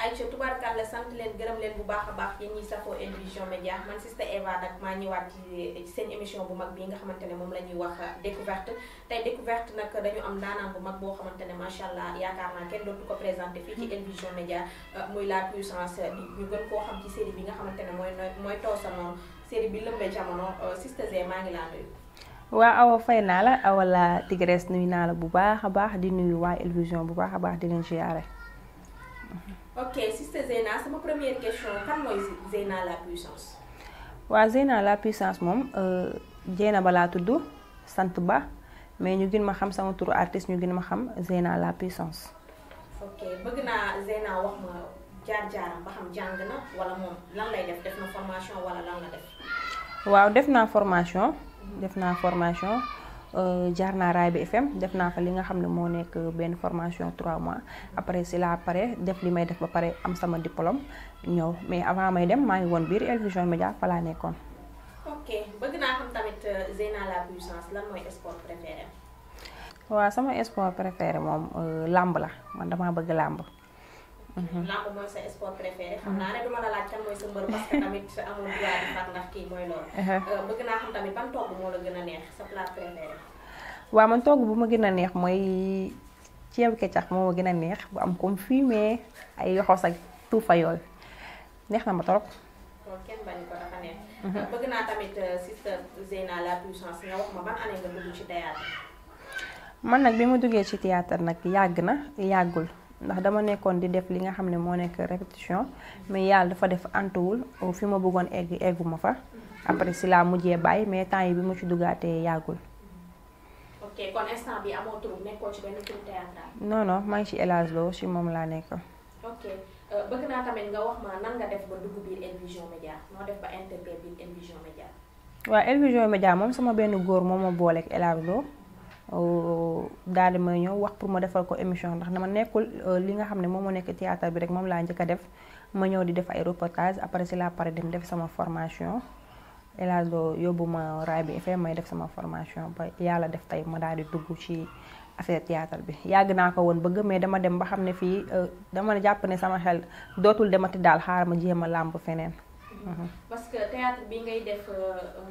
Aïcha tubaarkàlla sante len gërëm len bu baax a baax yéen ñi safo El Media Médias man Sista Eva nag maa ñëwaat ci seen émission bu mag bi nga xamantene ne moom la ñuy wax euh, découverte tey découverte nak dañu am ndaanaan bu mag boo xamantene ne macha allah yaakaar naa kenn dootu ko présenté fii ci El Media Médias muy la puissance ñu gën koo xam ci série bi nga xamantene ne mooy mooy Toosa Noon série bi lëmbee jamono euh, Sista Z maa ngi laa nuyu. waa awa fay naa la awa la Tigresse nuyu naa la bu baax a baax di nuyu waa El bu baax a baax di leen ziare. ok sister Zeyna sama première question kan mooy Zeyna la puissance. waaw Zeyna la puissance moom euh, Zeyna ba laa tudd sant ba mais ñu gën ma xam sama turu artiste ñu gën ma xam Zeyna la puissance. ok bëgg naa Zeyna wax ma jaar-jaaram ba xam jàng na wala moom lan lay def def na formation wala lan la def. waaw def naa formation. def naa formation. Euh, jaar naa raay bi FM def naa fa li nga xam ne moo nekk benn formation trois mois après si laa pare def li may def ba pare am sama diplôme ñëw mais avant may dem maa ngi woon biir El Vision Média fa laa nekkoon. ok bëgg naa xam tamit euh, Zeyna la puissance lan mooy sport préféré. waaw sama sport préféré moom euh, làmb la man damaa bëgg làmb. Mm-hmm. lamb mooy sa sport préféré xam mm-hmm. naa ne duma la laaj kan mooy sa mbër parce que tamit amul droit di uh-huh. euh, naa xam tamit ban togg moo la gën a neex sa plat préféré waaw man togg bu ma gën a neex mooy ceebu kecax moo ma gën a neex bu am comme fumé ay yoxoos ak tuufa neex na ma torop kenn bañ ko mm-hmm. bëgg naa tamit euh, sister Zeyna la puissance nga wax ma ban année nga dugg ci théâtre man nag bi ma duggee ci théâtre nag yàgg na yàggul ndax dama nekkoon di def li nga xam ne moo nekk répétition mais yàlla dafa def antuwul fi ma bëggoon egg eggu fa après si laa mujjee bàyyi mais temps bi mu ci duggaatee yàggul. ok kon instant maa ngi ci El Hadj ci moom laa nekk. ok euh, bëgg nga wax ma nan def ba dugg biir El Vision noo def ba intégré biir El Vision moom sama benn góor moo ma booleek El Hadj daal di may ñëw wax pour ma defal ko émission ndax ma nekkul euh, li nga xam ne moom moo nekk théâtre bi rek moom laa njëkk a def ma ñëw di def ay reportage après si laa pare dem def sama formation hélas yóbbu ma raay bi FM may def sama formation ba yàlla def tey ma daal di dugg ci affaire théâtre bi yàgg naa ko woon bëgg mais dama dem ba xam ne fii euh, dama jàpp ne sama xel dootul demati daal xaar ma jéem a làmb feneen. parce uh-huh. que théâtre bi ngay def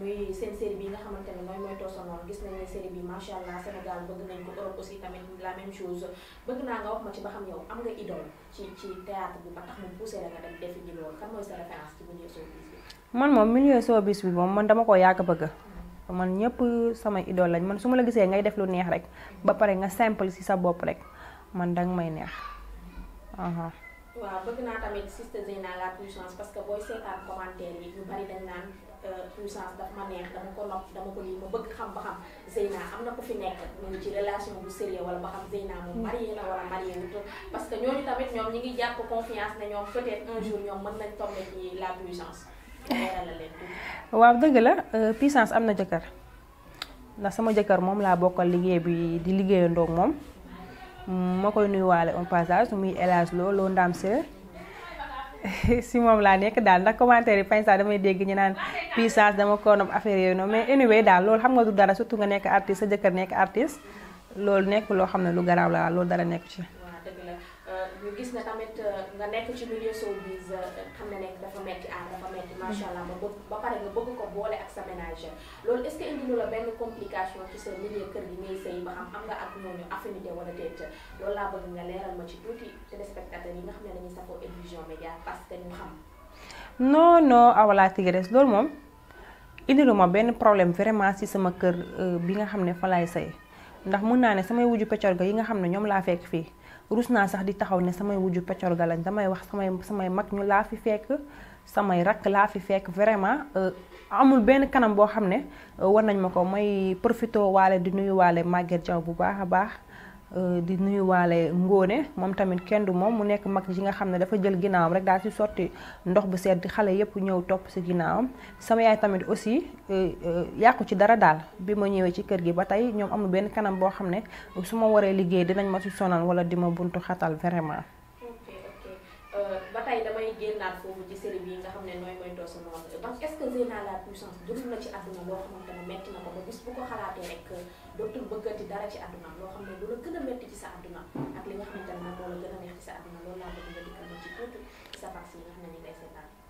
muy eh, seen série bi nga xamante ne mooy mooy toosanoo gis nañ ne série bi macha allah Sénégal bëgg nañ ko Europe aussi tamit la même chose bëgg naa nga wax ma ci ba xam yow am nga idole ci ci théâtre bi ba tax mu poussé la nga dem defi ji loolu kan mooy sa référence ci milieu showbiz bi. man moom milieu showbiz bi moom man dama ko yàgg bëgg. man ñëpp sama idole lañ man su ma la gisee ngay def lu neex rek ba pare nga simple si sa bopp rek man may neex. Uh-huh. waaw bëgg naa tamit Sister Zeyna la puissance parce que booy seetaan commentaire yi ñu bari dañ naan euh, puissance daf ma neex dama ko nopp dama ko lii ma bëgg xam ba xam Zeyna am na ko fi nekk mu ngi ci relation bu wala ba hmm. parce que ñooñu tamit ñoom ñi ngi jàpp confiance ne ñoom peut-être un jour ñoom mën nañ tomber ci la puissance waaw la euh, puissance am na jëkkër ndax sama jëkkër moom laa bokkal liggéey bi di liggéeyandoog moom ma koy nuyuwaale un passage muy élage loo loo ndaam sër si moom laa nekk daal ndax commentaire yi pañ sax damay dégg ñu naan puissance dama koonam affaire yooyu noonu mais anyway daal loolu xam nga du dara surtout nga nekk artiste sa jëkkër nekk artiste loolu nekk loo xam ne lu garaaw la loolu dara nekk ci Euh, ñu gis ne tamit euh, nga nekk ci milieu showbiz euh, xam ne nekk dafa metti aar dafa metti macha allah ba ba pare nga bëgg ko boole ak sa ménage loolu est la benn complication ci sa milieu kër yi nga xam ne dañuy safoo El Vision Médias parce que ñu xam. non non awalaa loolu moom indilu benn problème vraiment si sama kër bi nga xam ne fa laay sëy ndax mun naa ne samay wuju peccor ga yi nga xam ne ñoom laa fekk fii. rus naa sax di taxaw ne samay wujju peccor ga lañ damay wax samay samay mag ñu laa fi fekk samay rakk laa fi fekk vraiment euh, amul benn kanam boo xam ne euh, war nañ ma ko may profito waale di nuyu waale Maguette Diaw bu baax a baax Euh, di nuyuwaale ngóone moom tamit kenn du moom mu nekk mag ji nga xam ne dafa jël ginnaawam rek daa ci sotti ndox bu sedd xale yépp ñëw topp ci ginnaawam sama yaay tamit aussi euh, euh, yàqu ci dara daal bi ma ñëwee ci kër gi ba tey ñoom amul benn kanam boo xam ne su ma waree liggéey dinañ ma ci sonal wala di ma buntu xatal vraiment. génnaat foofu la puissance euh, xam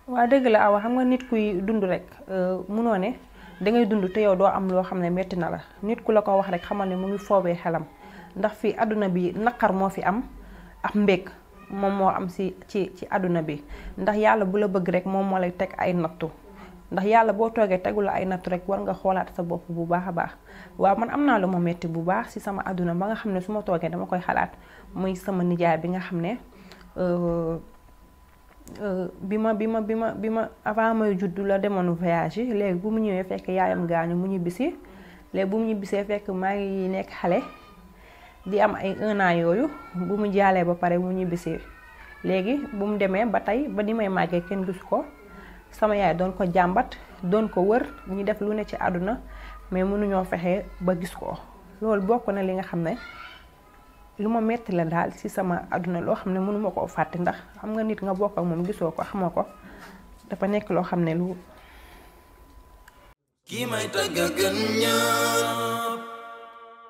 nga dëgg la awa xam nga nit kuy dund rek euh, munoo ne dangay dund te yow doo am loo xam ne metti na la nit ku la ko wax rek xamal ne mu ngi foobee xelam ndax fii àdduna bi naqar moo fi am ak mbég mom mo am ci ci ci aduna bi ndax yalla bu la bëgg rek mom mo lay tek ay nattu ndax yalla bo toge tegu ay nattu rek war nga xolaat sa bop bu baaxa baax wa man amna metti bu baax si sama aduna ba nga xamne suma toge dama koy xalaat muy sama nijaay bi nga xamne euh, euh, bima bima bima. bima bima avant may juddu la demone voyage léegi bu mu ñëwee fekk yaayam gañu mu ñibisi léegi bu mu fekk ma ngi nekk xalé di am ay un an yooyu bu mu jaalee ba pare mu ñibbisi léegi bu mu demee ba tey ba ni may màggee kenn gisu ko sama yaay doon ko jàmbat doon ko wër ñu def lu ne ci àdduna mais mënuñoo fexe ba gis ko loolu bokk na li nga xam ne lu ma metti la daal ci sama àdduna loo xam ne mënuma ko fàtte ndax xam nga nit nga bokk ak moom gisoo ko xamoo ko dafa nekk loo xam ne lu. ki may tagga gën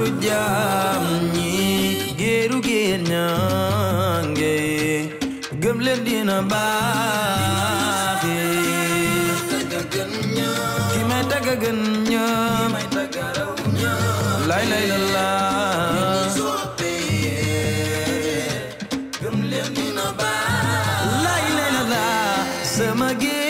sujaamni geeru geen ñaange gëm leen dina baaxe ki may tagga gën ñaam lay lay la laa gëm leen dina baaxe lay lay la laa sama géer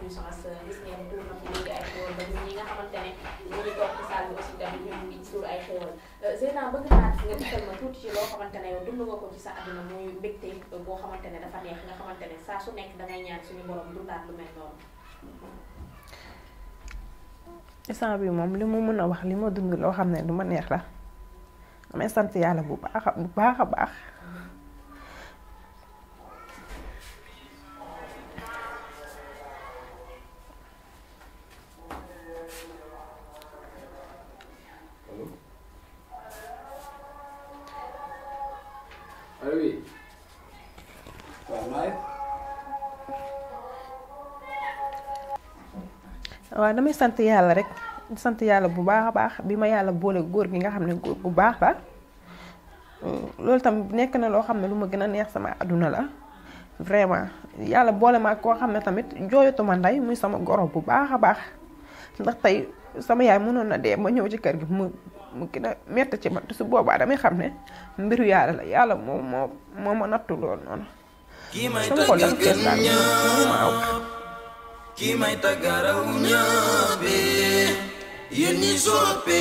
suñu chance gis ne ci salle bi euh, bëgg naa tuuti loo xamante ne nga ko ci sa àdduna muy mbégte boo xamante dafa neex nga xamante saa su nekk dangay ñaan suñu borom dundaat lu mel noonu. instant bi moom li ma mën a wax li ma dund loo xam ne lu ma neex la damay sant yàlla bu baax a baax. waaw damay sant yàlla rek sant yàlla bu baax a baax bi ma yàlla boole góor gi nga xam ne góor bu baax la loolu tam nekk na loo xam ne lu ma gën a neex sama àdduna la vraiment yàlla boole ma koo xam ne tamit ma ndey muy sama goro bu baax a baax ndax tey sama yaay mënoon na dee ma ñëw ci kër gi mu mu gën a métti ci man su boobaa damay xam ne mbiru yàlla la yàlla moo moo moo ma nattu loolu noonu sama xol dafa fees daal waaw Kima maitagara unyabe yenizope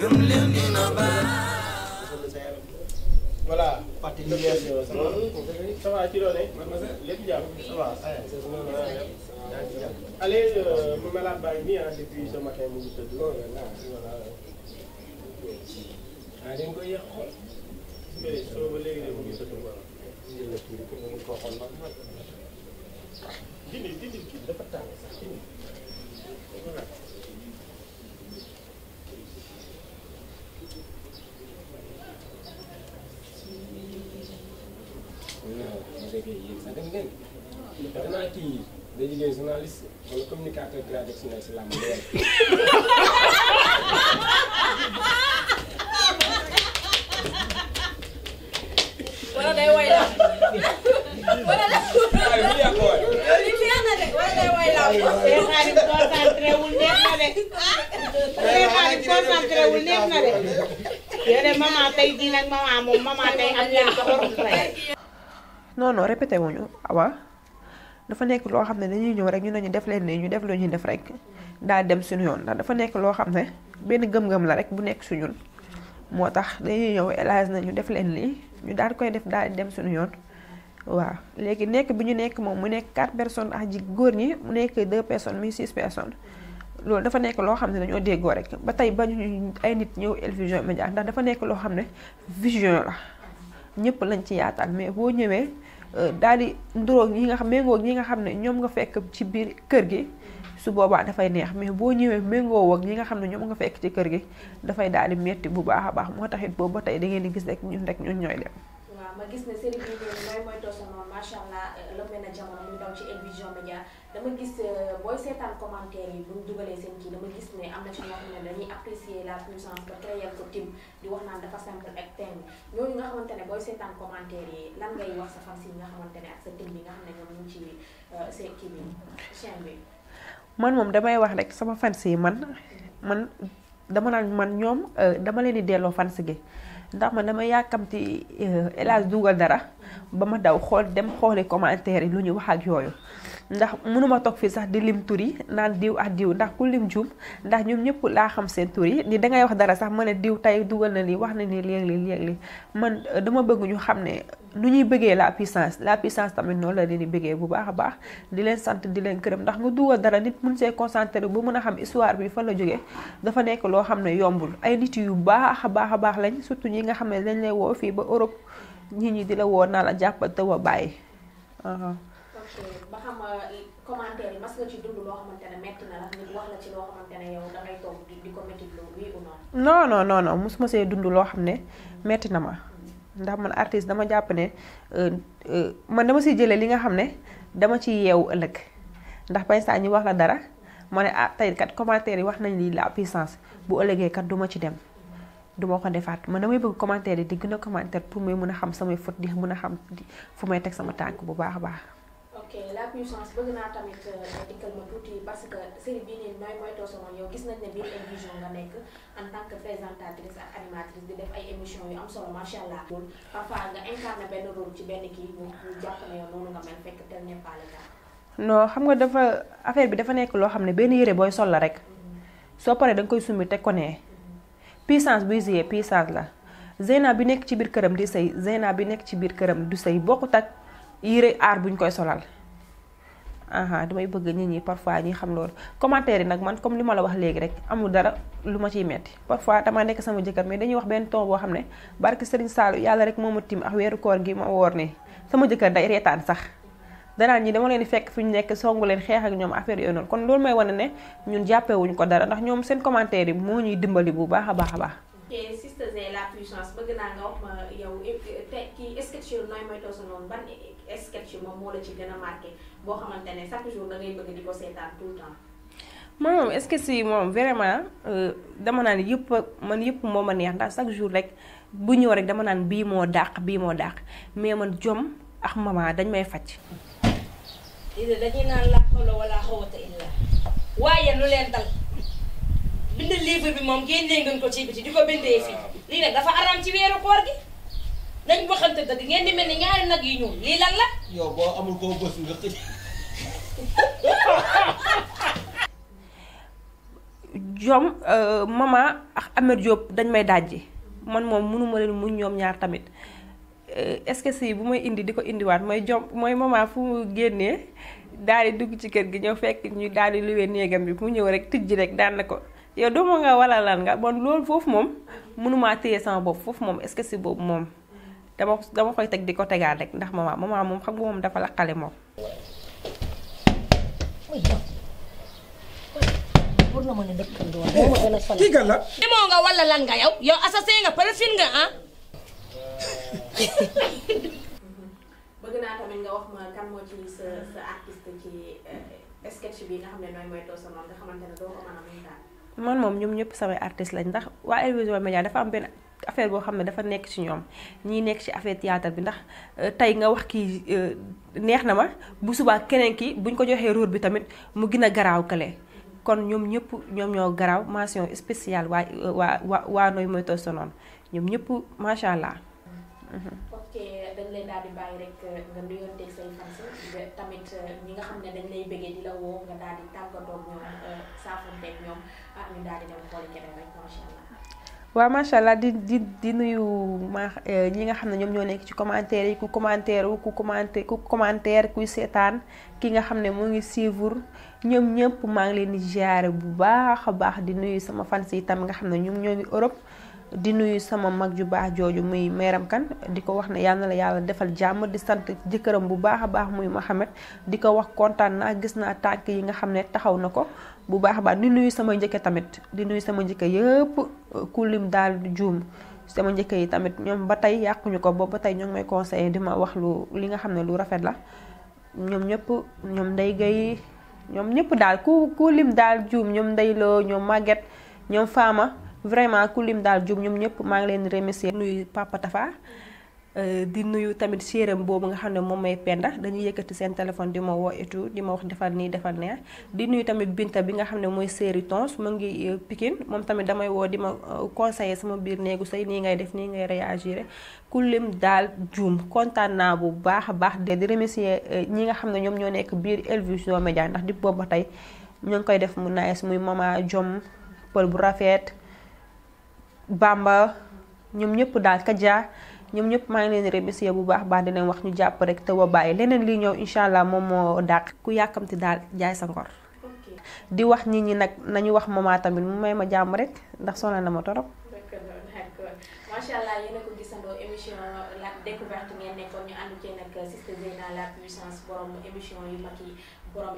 gamlemnina bara voilà parti de l'IS ça va ci lone lepp ça va allez euh, mu malade baa ngi nii hein depuis ce matin mu ngi tëdd voilà ah dañ koy yàq xool soo ba voilà day liggéey journaliste wala communicateur grade si làmb préparé concentré wul neex na dafa nekk loo xam ne dañuy ñëw rek ñu ne ñu def leen nii ñu def lu ñuy def rek daa dem suñu yoon ndax dafa nekk loo xam ne benn gëm-gëm la rek bu nekk suñun moo tax dañuy ñëw élage na ñu def leen lii ñu daal koy def daal dem suñu yoon waa léegi nekk bi ñu nekk moom mu nekk quatre personnes ak ji góor ñi mu nekk deux personnes muy six personnes loolu dafa nekk loo xam ne dañoo déggoo rek ba tey ba ay nit ñëw El Vision Médias ndax dafa nekk loo xam ne vision la ñëpp lañ ci yaataan mais boo ñëwee euh, daal di nduroog ñi nga xam méngoog ñi nga xam ne ñoom nga fekk ci biir kër gi su boobaa dafay neex mais boo ñëwee méngoo ak ñi nga xam ne ñoom nga fekk ci kër gi dafay daal di metti bu baax a baax moo tax it boobu ba tey da ngeen di gis rek ñun rek ñun ñooy dem ma gis ne série mooy mooy toosa noonu macha allah eh, lëmbe na jamono ñu daw ci El Vision Média dama gis eh, booy seetaan commentaire yi bu ñu dugalee seen kii dama gis ne am na ci la puissance di wax naan dafa simple ak team nga xamante booy seetaan commentaire yi lan ngay wax sa fan si nga xamante ak sa team bi nga xam ne ñoom ñu ci eh, seen kii bi man moom damay wax rek sama fans yi man man dama naan man ñoom dama leen di delloo fans gi. ndax ma dama yàkkamti hélas eh, dugal dara ba ma daw xool dem xooli commentaire yi lu ñu wax yooyu ndax mënuma toog fii sax di lim turi naan diw ak diw ndax ku lim juum ndax ñoom ñëpp laa xam seen tur yi ni dangay wax dara sax ma ne diw tey dugal na nii wax na nii léeg-léeg léeg-léeg man eh, dama bëgg ñu xam ne lu ñuy bëggee la puissance la puissance tamit noonu la leen ni bëggee bu baax a baax di leen sant di leen këram ndax nga dugal dara nit mun see concentré bu mën a xam histoire bi fan la jógee dafa nekk loo xam ne yombul ay nit yu baax a baax a baax lañ surtout ñi nga xam ne dañ lay woo fii ba Europe nit ñi di la woo naa la jàppal te wa bàyyi. Uh-huh. Euh, ba xam euh, yow dangay toog di ko dund loo xam ne métti na ma. ndax man artiste dama jàpp ne euh, euh, man dama si jëlee li nga xam ne dama ci yeewu ëllëg ndax paysa ñu wax la dara ma ne ah tey kat commentaire yi wax nañ li la puissance bu ëllëgee kat du ma ci dem du ma ko defaat man damay bëgg commentaire yi di gën a commentaire pour muy mën a xam samay fautes di mën a xam fu may teg sama tànk bu baax a baax la puissance bëgg naa tamit euh, dikkal ma tuuti parce que série bii nii nooy mooy toosoon yow gis nañ ne biir El nga nekk en tant que ak animatrice di def ay émission yu am solo macha allah. parfois nga incarné benn rôle ci benn kii ñu jàpp nga mel fekk tel n'est pas le xam nga dafa affaire bi dafa nekk loo xam ne benn yére booy sol la rek mhm. soo paree da koy summi teg ko nee mhm. puissance buy ziyee puissance la Zeyna bi nekk ci biir këram di sëy Zeyna bi nekk ci biir këram du sëy bokkut ak yére aar buñ koy solal. aha damay bëgg nit ñi parfois ñi xam loolu commentaire yi nag man comme li ma la wax léegi rek amul dara lu ma ciy metti parfois dama nekk sama jëkkër mais dañuy wax benn ton boo xam ne barke Serigne Saalu yàlla rek moo ma tim ak weeru koor gi ma woor ne sama jëkkër day reetaan sax danaan ñi dama leen fekk fi ñu nekk songu leen xeex ak ñoom affaire yooyu noonu kon loolu may wane ne ñun jàppewuñ ko dara ndax ñoom seen commentaire yi moo ñuy dimbali bu baax a baax a la puissance bëgg naa nga boo xamante ne chaque jour da ngay bëgg di ko seetaan tout temps. moom est-ce que si moom vraiment euh, dama naan yëpp man yëpp moo ma neex ndax chaque jour rek bu ñëw rek dama naan bii moo dàq bii moo dàq mais man jom ax mama dañ may faj. dañuy naan la xawla wala xawata illa waaye lu leen dal bind livre bi moom génnee ngeen ko ci biti di ko bindee fii lii nag dafa aram ci weeru koor gi. dañ waxante dëgg ngeen di mel ni ñaari nag yi ñuul lii lan la. yow boo amul koo bës nga xëj. jom euh, mama ak Amer Diop dañ may dajji man moom mënuma leen muñ ñoom ñaar tamit euh, est-ce bu may indi di ko indiwaat mooy jom mooy mama fu mu génnee daal di dugg ci kër gi ñëw fekk ñu daal di luwee néegam bi mu ñëw rek tijji rek daal na ko. yow doomu nga wala lan nga bon loolu foofu moom mënumaa téye sama bopp foofu moom est-ce que boobu moom. dama dama koy teg di ko tegaat rek ndax mama mama moom xam nga moom dafa laqale moom. na eh, ma kii nga la. nga wala lan nga yow yow assassin nga perfide nga ah. bëgg naa tamit nga wax ma kan moo ci sa sa artiste ci eh, sketch bi nga xam ne nooy moytoo sa moom nga xamante ne doo ko mën a daal. man moom ñoom ñëpp samay artiste lañ ndax waa Elvision Média dafa am benn. affaire boo xam ne dafa nekk ci ñoom ñii nekk ci affaire théâtre bi ndax euh, tey nga wax kii euh, neex na ma bu subaa keneen ki buñ ko joxee rôle bi tamit mu gën a garaaw kale kon ñoom ñëpp ñoom ñoo garaaw mention spéciale waa euh, waa waa waa nooy mooy ñoom ñëpp macha allah. Mhm. ok dañ leen daal bàyyi rek nga nuyonteeg say fans tamit ñi nga xam ne dañ lay bëggee di la woo nga daal di ñoom saafonteeg ñoom ah, waaw macha allah di di di nuyu ma eh, ñi nga xam ne ñoom ñoo nekk ci commentaire yi ku commentaire wu ku commenté ku commentaire kuy seetaan ki nga xam ne mu ngi suivre ñoom ñëpp maa ngi leen di ziare bu baax a baax di nuyu sama fans yi tam nga xam ne ñoom ñoo ngi Europe. di nuyu sama mag ju baax jooju muy meram kan di ko wax ne yàlla jamu la yàlla defal jàmm di sant jëkkëram bu baax a baax muy Mohamed di ko wax kontaan naa gis naa tànk yi nga xam ne taxaw na bu baax baax di nuyu sama njëkke tamit di nuyu sama njëkke yépp kulim daal juum sama njëkke yi tamit ñoom ba tey yàquñu ko boobu ba tey ñoo ngi may conseillé di ma wax lu li nga xam ne lu rafet la ñoom ñëpp ñoom ndey gay ñoom ñëpp daal ku ku daal juum ñoom ndey loo ñoom màgget ñoom faama vraiment ku lim daal jum ñoom ñëpp maa ngi leen remercier nuyu papa tafa euh, di nuyu tamit séeram bobu nga xam mom may penda dañuy yëkëti sen téléphone di ma wo et tout di ma wax defal ni defal neex di nuyu tamit binta bi nga xam moy séri tons mo ngi euh, pikine moom tamit damay woo di ma euh, conseiller sama bir néegu sey ni ngay def ni ngay réagir ku lim dal jum kontaan naa bu baax baax de di remercier ñi nga xam ñom ñoo nekk bir elvision média ndax di bobu tay ñoo koy def mu nice muy mama jom pël bu rafet Bamba ñoom ñëpp daal Kaja ñoom ñëpp maa ngi leen di bu baax baax dinañ wax ñu jàpp rek te wa bàyyi leneen lii ñëw incha allah moom moo dàq. ku yàkkamti daal jaay sa ngor. di wax nit ñi nag nañu wax mama tamit mu may ma jàmm rek ndax sonal na ma torop. émission